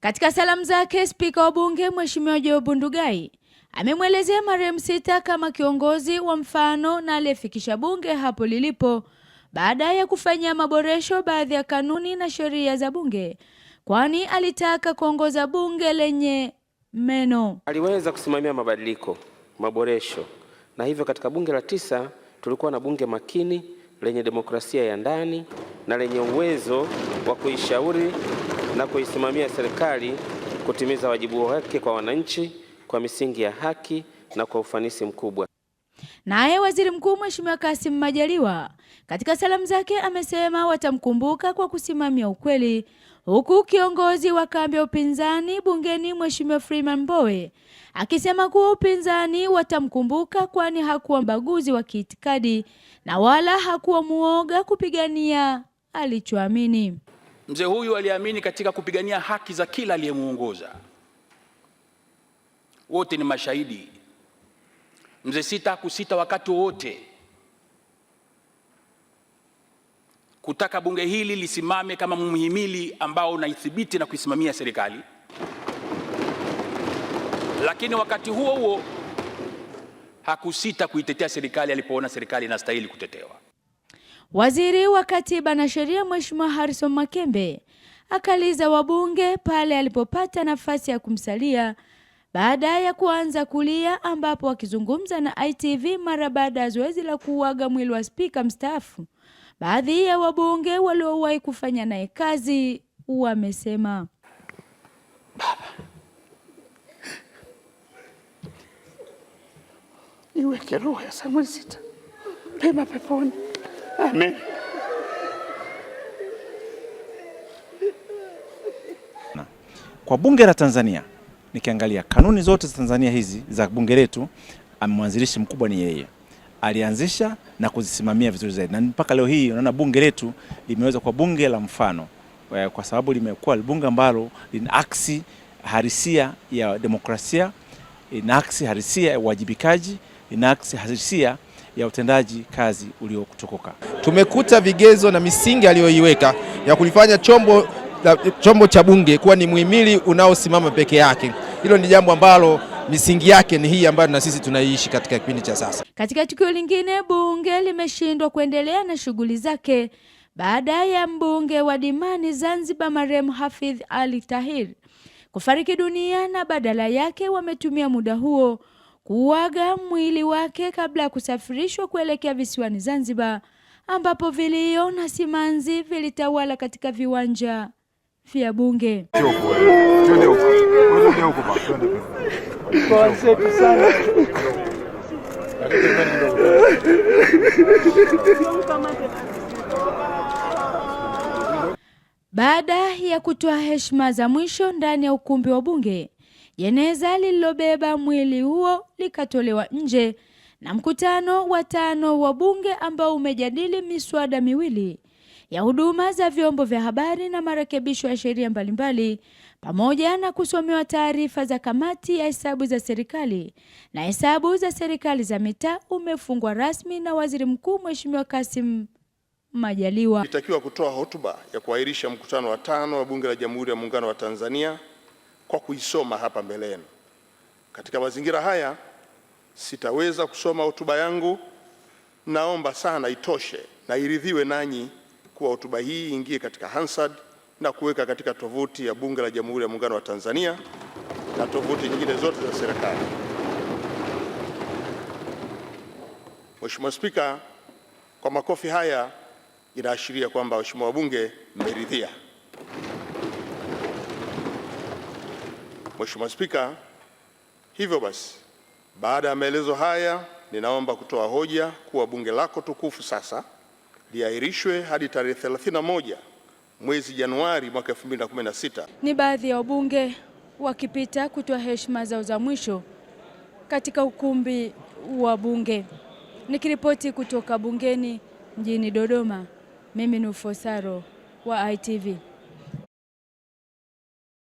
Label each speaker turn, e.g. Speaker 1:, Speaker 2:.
Speaker 1: Katika salamu zake, spika wa bunge Mheshimiwa Job Ndugai amemwelezea marehemu Sitta kama kiongozi wa mfano na aliyefikisha bunge hapo lilipo baada ya kufanya maboresho baadhi ya kanuni na sheria za bunge, kwani alitaka kuongoza bunge lenye meno.
Speaker 2: Aliweza kusimamia mabadiliko, maboresho, na hivyo katika bunge la tisa tulikuwa na bunge makini lenye demokrasia ya ndani na lenye uwezo wa kuishauri na kuisimamia serikali kutimiza wajibu wake kwa wananchi kwa misingi ya haki na kwa ufanisi mkubwa.
Speaker 1: Naye Waziri Mkuu Mheshimiwa Kassim Majaliwa katika salamu zake amesema watamkumbuka kwa kusimamia ukweli, huku kiongozi wa kambi ya upinzani bungeni Mheshimiwa Freeman Mbowe akisema kuwa upinzani watamkumbuka kwani hakuwa mbaguzi wa kiitikadi na wala hakuwa muoga kupigania alichoamini.
Speaker 2: Mzee huyu aliamini katika kupigania haki za kila aliyemuongoza. Wote ni mashahidi. Mzee Sita hakusita wakati wowote kutaka bunge hili lisimame kama mhimili ambao unaithibiti na kuisimamia serikali, lakini wakati huo huo hakusita kuitetea serikali alipoona serikali inastahili kutetewa.
Speaker 1: Waziri wa Katiba na Sheria Mheshimiwa Harrison makembe akaliza wabunge pale alipopata nafasi ya kumsalia baada ya kuanza kulia, ambapo akizungumza na ITV mara baada ya zoezi la kuuaga mwili wa spika mstaafu, baadhi ya wabunge waliowahi kufanya naye kazi wamesema
Speaker 3: Baba, niweke roho ya Samuel Sita pema peponi. Amen.
Speaker 2: Kwa bunge la Tanzania nikiangalia kanuni zote za Tanzania hizi za bunge letu, mwanzilishi mkubwa ni yeye, alianzisha na kuzisimamia vizuri zaidi, na mpaka leo hii unaona bunge letu limeweza kuwa bunge la mfano, eh, kwa sababu limekuwa bunge ambalo lina aksi harisia ya demokrasia, lina aksi harisia ya uwajibikaji, lina aksi harisia ya utendaji kazi uliotukuka.
Speaker 4: Tumekuta vigezo na misingi aliyoiweka ya kulifanya chombo, chombo cha bunge kuwa ni muhimili unaosimama peke yake. Hilo ni jambo ambalo misingi yake ni hii ambayo na sisi tunaiishi katika kipindi cha sasa.
Speaker 1: Katika tukio lingine, bunge limeshindwa kuendelea na shughuli zake baada ya mbunge wa Dimani Zanzibar marehemu Hafidh Ali Tahir kufariki dunia na badala yake wametumia muda huo kuaga mwili wake kabla ya kusafirishwa kuelekea visiwani Zanzibar, ambapo vilio na simanzi vilitawala katika viwanja vya Bunge. Baada ya kutoa heshima za mwisho ndani ya ukumbi wa Bunge, jeneza lililobeba mwili huo likatolewa nje na mkutano wa tano wa bunge ambao umejadili miswada miwili ya huduma za vyombo vya habari na marekebisho ya sheria mbalimbali pamoja na kusomewa taarifa za kamati ya hesabu za serikali na hesabu za serikali za mitaa umefungwa rasmi na Waziri Mkuu Mheshimiwa Kassim Majaliwa.
Speaker 5: Nilitakiwa kutoa hotuba ya kuahirisha mkutano wa tano wa Bunge la Jamhuri ya Muungano wa Tanzania kwa kuisoma hapa mbele yenu. Katika mazingira haya sitaweza kusoma hotuba yangu. Naomba sana itoshe na iridhiwe nanyi kuwa hotuba hii iingie katika Hansard na kuweka katika tovuti ya Bunge la Jamhuri ya Muungano wa Tanzania na tovuti nyingine zote za serikali. Mheshimiwa Spika, kwa makofi haya inaashiria kwamba waheshimiwa wabunge mmeridhia. Mheshimiwa Spika, hivyo basi baada ya maelezo haya ninaomba kutoa hoja kuwa bunge lako tukufu sasa liahirishwe hadi tarehe 31 mwezi Januari mwaka 2016.
Speaker 1: Ni baadhi ya wabunge wakipita kutoa heshima zao za mwisho katika ukumbi wa bunge. Nikiripoti kutoka bungeni mjini Dodoma, mimi ni Ufosaro wa ITV.